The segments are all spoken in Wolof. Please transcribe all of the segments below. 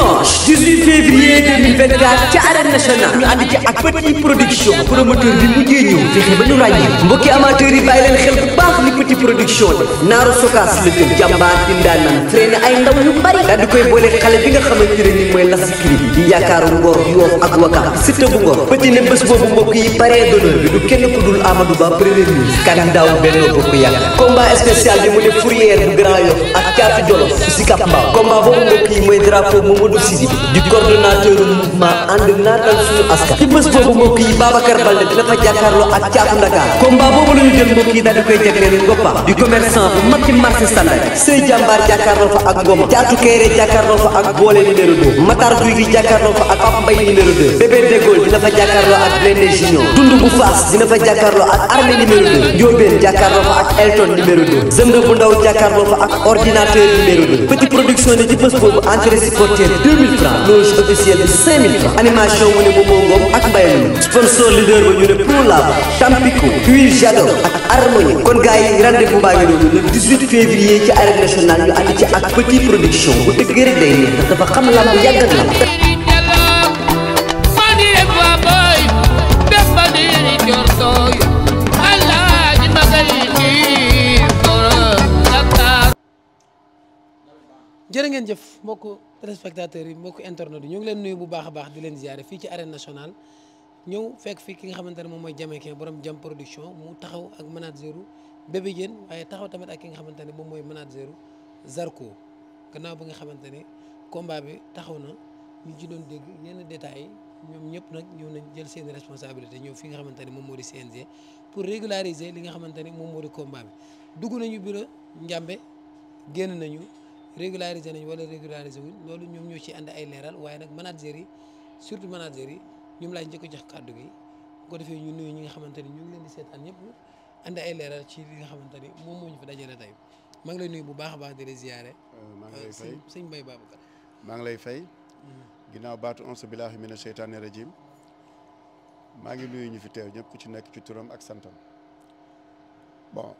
dimanche 18 février 2024 ca arène nationale ñu ànd ci ak petit production promoteur bi mujjee ñëw fexe ba ñu ràññee mbokki amateurs yi bàyyi leen xel bu baax li petit production la naaru sokaas la jël jàmbaar di ndaanaan traîné ay ndaw yu bari daal koy boole xale bi nga xamante ne nii mooy lasikiri di yaakaaru ngor yoof ak wakam sita bu ngor petit ne bés boobu mbokk yi parrain d'honneur bi du kenn ku dul Amadou Ba premier ministre candidat Benno Bokk Yaakaar combat spécial bi mu ne fourrière bu boobu Sidi di coordonnateur mouvement ànd naatal suñu askan ci bés boobu mbokk yi Babacar Balde dina fa jàkkaarloo ak caatu Ndakaar combat boobu la jël mbokk yi daal koy jagleel Ngoppa di commerçant bu mag ci marché Sandaga Jàmbaar jàkkaarloo fa ak Ngoma caatu Kéré jàkkaarloo fa ak Boole numéro 2 Matar Guy gi jàkkaarloo fa ak Pape Mbaye numéro 2 Bébé Dégol dina fa jàkkaarloo ak Blende Junior Tund bu Faas fa ak Elton numéro 2 Zemre bu ndaw jàkkaarloo fa 2000 francs loge officielle bi 5000 francs animation mu ne Momo ak Mbaye sponsor leader ba ñu Pro Lab Tampico Huile Jador ak Harmonie kon gars yi rendez-vous baa ngi noonu le 18 février ci ak petit production bu dëgg rek day neex dafa xam lamb ngeen jëf yi mbokk internautes yi ñu ngi leen nuyu bu baax a baax di fii ci arène fekk fii ki nga xamante ne moom mooy Jamaïcain borom mu taxaw ak manageru Bébé Diène waaye taxaw tamit ak ki nga xamante ne moom mooy manageru Zarko gannaaw bi nga xamante ne combat bi taxaw na ñu ci doon dégg yenn détails yi ñoom ñëpp nag ñëw nañ jël seen responsabilité ñëw fi nga xamante ne moom moo di CNG pour régulariser li nga xamante ne moom moo di combat bi dugg nañu bureau njàmbe génn nañu régularisé nañ wala régularisé wuñ loolu ñoom ñoo ci ànd ay leeral waaye nag manager yi surtout manager yi ñoom laaj njëkk a jox gi bu ko defee ñu nuyu ñi nga xamante ni ñu ngi leen di seetaan ànd ay leeral ci li nga xamante ni moom moo ñu dajale tey maa ngi lay nuyu bu baax euh, maa ngi lay euh, fay sëñ Mbaye Babacar. maa ngi lay fay. Hmm. ginnaaw baatu onsu bilaahi mina seytaani rajim maa ngi nuyu ñu fi teew ñëpp ku ci nekk ci turam ak santam bon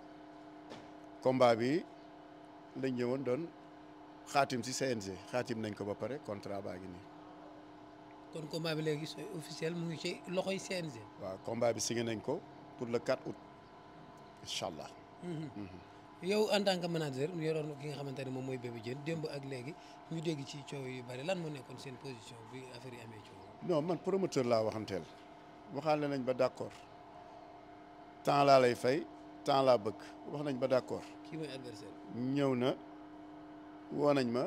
combat bi lañ ñëwoon doon. xaatim si CNG xaatim nañ ko ba pare contrat baa ngi nii. kon combat bi léegi sooy officiel mu ngi ci yi CNG. waaw combat bi signé nañ ko pour le 4 août incha allah. Mm-hmm. Mm-hmm. yow en tant que manager ñu yoroon ki nga xamante ne moom mooy Bébé Diène démb ak léegi ñu dégg ci coow yi bari lan moo nekkoon seen position bi affaire yi amee coow. non man promoteur laa waxanteel waxaale nañ ba d' accord temps laa lay fay temps laa bëgg wax nañ ba d' accord. kii mooy adversaire ñëw na. woo nañ ma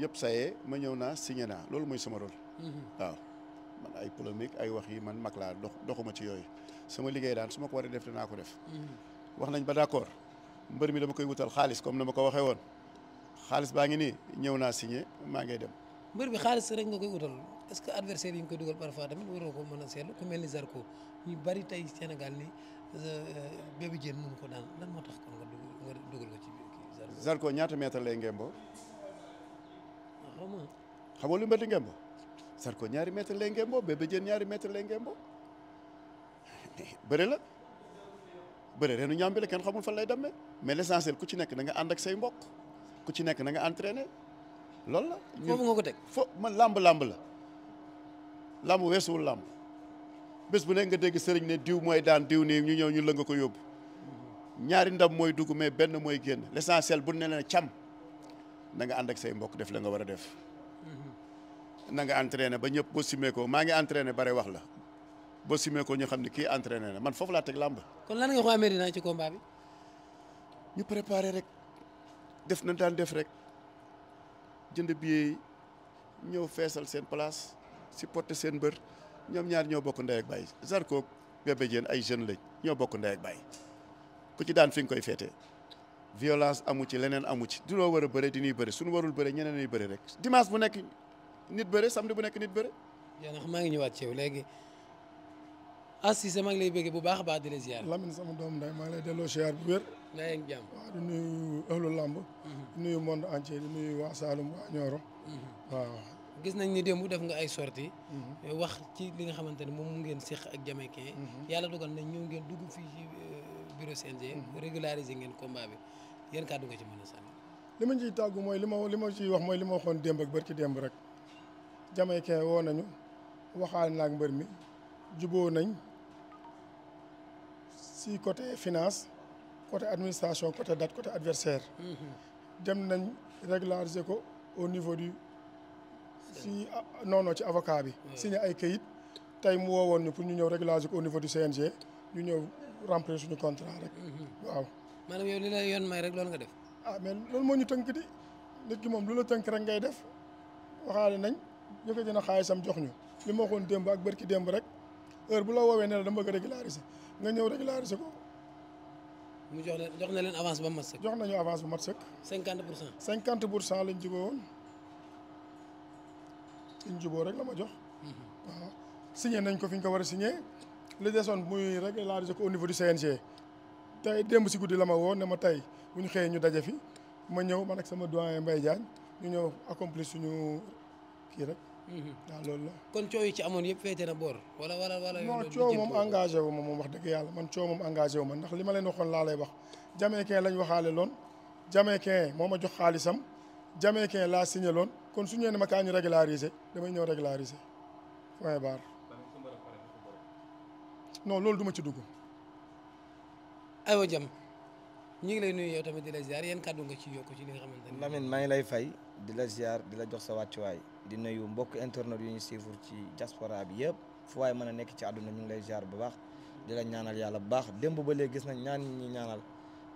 yëpp sayee ma ñëw naa signé naa loolu mooy sama rôle. Mhm. waaw man ay polémique ay wax yi man mag laa dox doxuma ci yooyu sama liggéey daan su ma ko waree def dinaa ko def. Mhm. wax nañ ba d'accord mbër mi dama koy wutal xaalis comme na ma ko waxee woon xaalis baa ngi nii ñëw naa signé maa ngay dem. mbër bi xaalis rek nga koy wutal est-ce que adversaire yi ñu koy dugal parfois tamit waroo ko mën a seetlu ku mel ni Zarko tey Sénégal ni euh, Bébé Diène mënu ko daan lan moo tax kon nga dugal ci Zarko. Zarko ñaata mètre lay xamoo lu métti ngembo Zarko ñaari mètre lay ngembo Bébé Diène ñaari mètre lay ngembo bëre la bëre reenu ñaambi la kenn xamul fan lay demee mais l'essentiel ku ci nekk da nga ànd ak say mbokk ku ci nekk da nga entraîné lool la. foofu nga ko teg fo man làmb làmb la làmb weesuwul làmb bés bu nekk nga dégg sëriñ ne diw mooy daan diw nii ñu ñëw ñu lënga ko yóbbu ñaari ndam mooy dugg mais benn mooy génn l'essentiel bu ne la na nga ànd ak say mbokk def la nga war a def na nga entraîné ba ñëpp boo simee ko maa ngi entraîné bare wax la boo simee ko ñu xam ne kii entraîné na man foofu laa teg làmb kon lan nga ko amee dinaa ci combat bi. ñu préparé rek def na daan def rek jënd billet ñëw feesal seen place supporter seen mbër ñoom ñaar ñoo bokk ndey ak baay Zarko Bébé Diène ay jeunes lañ ñoo bokk ndey ak baay ku ci daan fi nga koy féetee. violence amu ci leneen amu ci du war a bëre di ñuy bëre suñu warul bëre ñeneen ñuy bëre rek dimanche bu nekk nit bëre samedi bu nekk nit bëre. yow maa ngi ñëwaat ci yow léegi Assise maa ngi lay bëggee bu baax a baax di la sama doom nday maa ngi lay delloo ziar bu wér. na ngeen jàmm waaw nuyu ëllu lamb. Mhm. di nuyu monde entier di nuyu mhm. waaw. gis nañ ni démb def nga ay sorties. Mhm. wax ci li nga xamante ne moom ngeen séq ak Jamaïcain. yàlla dogal nañ ñëw ngeen dugg fii bureau CNG. Mhm. ngeen combat bi yan li ma ciy tàggu mooy li ma li ma ciy wax mooy li ma waxoon démb ak barki démb rek Jamaïcain woo nañu waxaale na mbër mi juboo nañ si côté finance côté administration côté date côté adversaire. Mhm. dem nañ régulariser ko au niveau du. si non non ci avocat bi. signé ay kayit tey mu woowoon ñu pour ñu ñëw régulariser ko au niveau du CNG ñu ñëw. remplir suñu contrat rek. Mm-hmm. waaw. maanaam yow li la yoon may rek loolu nga def. ah mais loolu moo ñu tënk di nit ki moom lu la tënk rek ngay def waxaale nañ yëkkati dina xaalisam jox ñu li ma waxoon démb ak bërki démb rek heure bu la woowee ne da dama bëgg régulariser nga ñëw régulariser ko. mu jox leen jox na leen avance ba mat sëkk. jox nañu avance ba mat sëkk. cinquante pour cent. cinquante pour cent lañ juboo woon liñ juboo rek la ma jox. Mm-hmm. waaw signé nañ ko fi ñu ko war a signé. li desoon muy régulariser ko au niveau du CNG te démb si guddi la ma woo ne ma tey bu ñu xëyee ñu daje fi ma ñëw man ak sama doyen Mbaye Diagne ñu ñëw accomplir suñu kii rek. Mhm. waaw loolu la. kon coow yi ci amoon yëpp féete na boor. wala wala wala non coow moom engagé wu ma moom wax dëgg yàlla man coow moom engagé wu ma ndax li ma leen waxoon laa lay wax. Jamaïcain lañ waxaale loon Jamaïcain moo ma jox xaalisam Jamaïcain laa signé loon kon suñu ñu nee ma kaa ñu régulariser damay ñëw régulariser point barre. non loolu duma ci dugg. aywa jam ñu ngi lay nuyu yow tamit di la ziar yan kàddu nga ci yokk ci li nga xamante ne. Lamine maa ngi lay fay di la ziar di la jox sa wàccuwaay di nuyu mbokk internet yu ñu suivre ci diaspora yëpp fu waay mën a nekk ci àdduna ñu ngi lay ziar bu baax di la ñaanal yàlla bu baax démb ba léegi gis nañ ñaan ñi ñaanal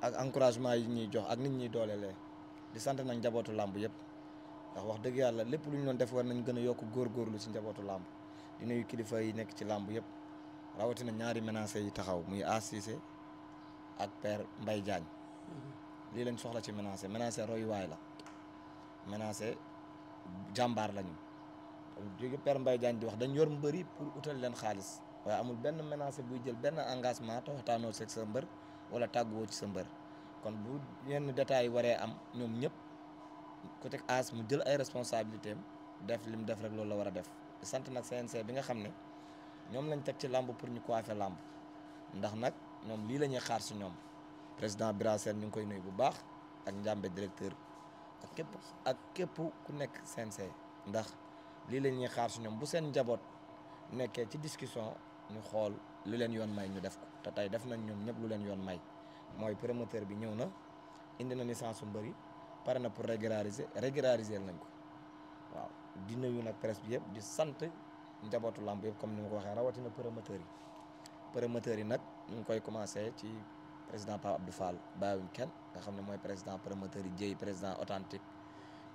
ak encouragement yi ñuy jox ak nit ñi doolelee di sant nañ njabootu làmb yëpp ndax wax dëgg yàlla lépp lu ñu doon def nañ gën a yokk góorgóorlu si njabootu làmb di nuyu kilifa yi nekk ci làmb yëpp. rawatina ñaari menacé yi taxaw muy siise ak père Mbaye Diagne mhm. lii lañ soxla ci menacé menacé royuwaay la menacé jàmbaar lañu jóge père Mbaye di wax dañ yor mbëri pour utal leen xaalis waaye amul benn menacé buy jël benn engagement te waxtaanoo sa mbër wala tàgguwoo ci sa mbër kon bu yenn détails waree am ñoom ñëpp côté as mu jël ay responsabilités am def lim def rek loolu la war a def sant nag CNC bi nga xam ne. ñoom lañ teg ci làmb pour ñu coiffer làmb ndax nag ñoom lii la ñuy xaar si ñoom président Birasène ñu ngi koy nuyu bu baax ak njàmbe directeur ak képp ak ku nekk CNC ndax lii la ñuy xaar si ñoom bu seen njaboot nekkee ci discussion ñu xool lu leen yoon may ñu def ko te tey def nañ ñoom ñëpp lu leen yoon may mooy promoteur bi ñëw na indi na licence su mbëri pare na pour régulariser régulariser nañ ko waaw di nuyu nag presse bi yëpp di sant. njabootu làmb yëpp comme ni nga ko waxee rawatina promoteurs yi promoteurs yi nag ñu ngi koy commencé ci président Pape Abdou Fall bàyyiwuñ kenn nga xam ne mooy président promoteur yi jëy président authentique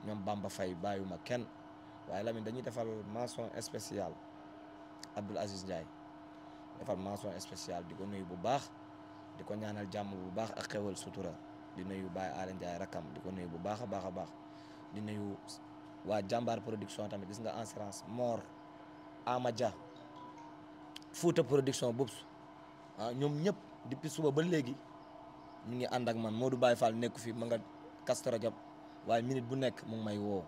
ñoom Bamba Faye bàyyiwuma kenn waaye Lamine dañuy defal mention spéciale Abdoul Aziz Ndiaye defal mention spéciale di ko nuyu bu baax di ko ñaanal jàmm bu baax ak xewal sutura di yu Baye Aly Ndiaye rakam di ko nuyu bu baax a baax a baax di nuyu waa jàmbaar production tamit gis nga assurance mort a Dia Fouta production boobu ah ñoom ñëpp depuis suba ba léegi ñu ngi ànd ak man Modou Baye Fall nekku fi ma nga Castor Diop waaye minute bu nekk mu ngi may woo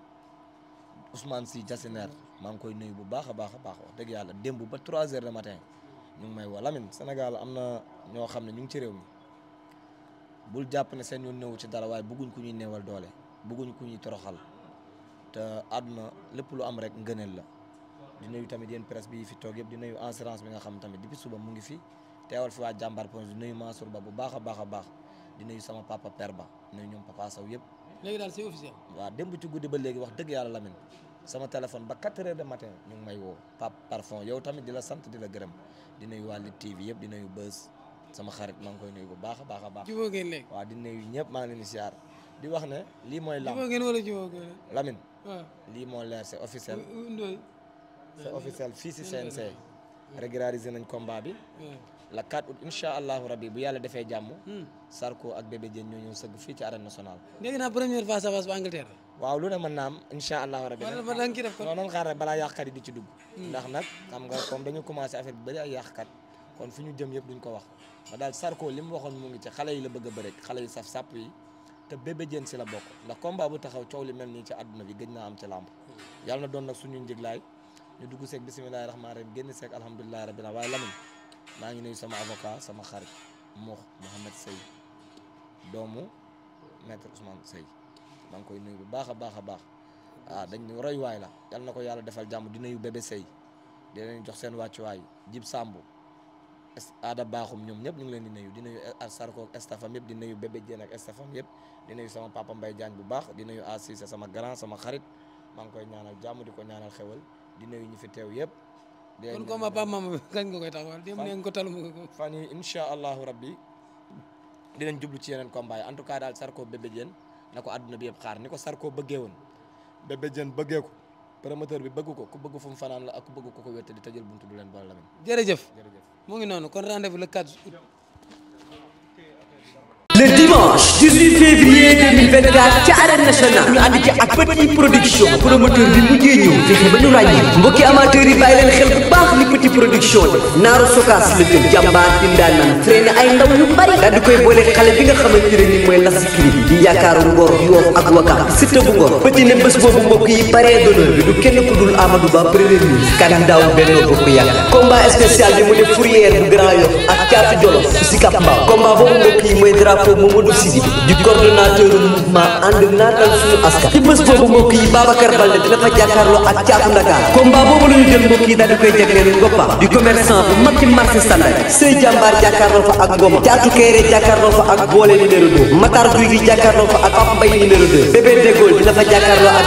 Ousmane Sy Jasinaar maa ngi koy nuyu bu baax a baax a baax wax dëgg yàlla démb ba trois heures du matin ñu ngi may woo Lamine Sénégal am na ñoo xam ne ñu ngi ci réew mi bul jàpp ne seen yoon néewu ci dara waaye bëgguñ ku ñuy néewal doole bëgguñ ku ñuy toroxal te àdduna lépp lu am rek ngëneel la. di nuyu tamit yéen presse bi fi toog yëpp di nuyu assurance bi nga xam tamit depuis suba mu ngi fi teewal fi waa jàmbaar point di nuyu Ba bu a baax a baax di nuyu sama papa père Ba nuyu ñoom papa Sow yëpp. léegi daal c'est officiel. waaw démb ci ba léegi wax ba 4 heures de matin may woo Pape yow tamit di la sant di la gërëm di nuyu waa TV yëpp di nuyu Buzz sama xarit maa ngi koy nuyu bu baax a baax a baax. jubóo ngeen léegi ñëpp maa ngi leen di siyaar di wax ne lii mooy. lamb lii moo leer c'est officiel. c'est officiel fii si CNC. Mm. régulariser nañ combat bi. Mm. la 4 août incha allahu rabi bu yàlla defee jàmm. Mm. Sarko ak Bébé Diène ñoo ñëw sëgg fii ci arène nationale. dégg naa première ba Angleterre. waaw lu ne mën naa am incha allahu rabi. yi di ci dugg. ndax nag xam nga comme dañu commencé affaire bi bëri ay yàqkat kon fi ñu jëm yëpp duñ ko wax ma daal li mu waxoon mu ngi ci xale yi la bëgg a bëri xale yi saf sàpp yi. te Bébé si la bokk ndax combat bu taxaw coow li mel nii ci àdduna bi gëj naa am ci làmb yàlla na doon nag suñu njëglaay ñu dugg seeg bisimilahi rahmaani rahim génn seeg alhamdulilahi rabbil waaye lamin maa ngi nuyu sama avocat sama xarit Mokh Mouhamed Sey doomu maître Ousmane Sey maa ngi koy nuyu bu baax a baax a baax ah dañ ñu roy waay la yal na ko yàlla defal jàmm di nuyu Sey di jox seen wàccuwaay Jib Samb aada baaxum ñoom ñëpp ñu ngi leen di nuyu di nuyu Sarko ak yëpp di nuyu bébé Diène ak estafam sama papa Mbaye Diagne bu baax di nuyu Assise sama grand sama xarit maa ngi koy ñaanal jàmm di ko ñaanal xewal di nuyu ñu fi teew yëpp. kon ko ma Pape Mamadou kañ nga koy taxawal dem ne nga ko taluma ko. fan yii incha allahu rabbi dinañ jublu ci yeneen combat yi daal Sarko Bébé Diène na ko àdduna bi yëpp xaar ko Sarko bëggee woon Bébé bi bëgg ku bëgg fu fanaan la ak ku ko ko wéttali tëjal buntu du leen boole la. jërëjëf noonu kon rendez-vous le 4 2024 ca arène nationale ñu ànd ci ak petit production promoteur bi mujjee ñëw fexe ba ñu ràññee mbokki amateurs yi bàyyi leen xel bu baax li petit production la naaru sokaas la jël jàmbaar di ndaanaan freiné ay ndaw yu bari daal koy boole xale bi nga xamante ne ni mooy lasikiri bi di yaakaaru ngor yoof ak wakaam sitta bu ngor petit ne bés boobu mbokk yi parrain d'honneur bi du kenn ku dul Amadou Ba premier ministre candidat Benno Bokk Yaakaar combat spécial bi mu def fourrière mouvement ànd naatal suñu askan ci bés boobu mbokk yi Babacar Balde dina fa jàkkaarloo ak caatu Ndakaar combat boobu la ñu jël mbokk yi daal di koy jagleel Ngoppa di commerçant bu mag ci marché Sandaga Sey Jàmbaar fa ak Ngoma caatu Kéré jàkkaarloo fa ak Boole numéro 2 Matar Guy gi fa ak Pape numéro 2 Bébé Dégol dina dina fa jàkkaarloo ak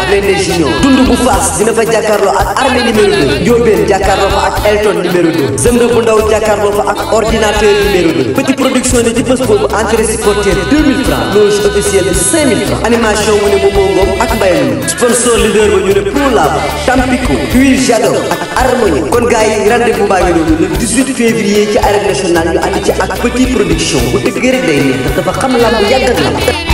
Armée numéro 2 Ndiobène jàkkaarloo fa ak Elton numéro 2 Zënga bu ndaw jàkkaarloo fa ak ordinateur numéro 2 Petit production ne ci bés 5000 francs animation mu ne bu moom ak mbay sponsor leader ba ñu ne Pro Lab Tampico Huile Jador ak Harmonie kon gars yi rendez-vous baa ngi noonu le 18 février ak petit production bu dëggee rek day neex dafa xam lamb bu yàgg ak lamb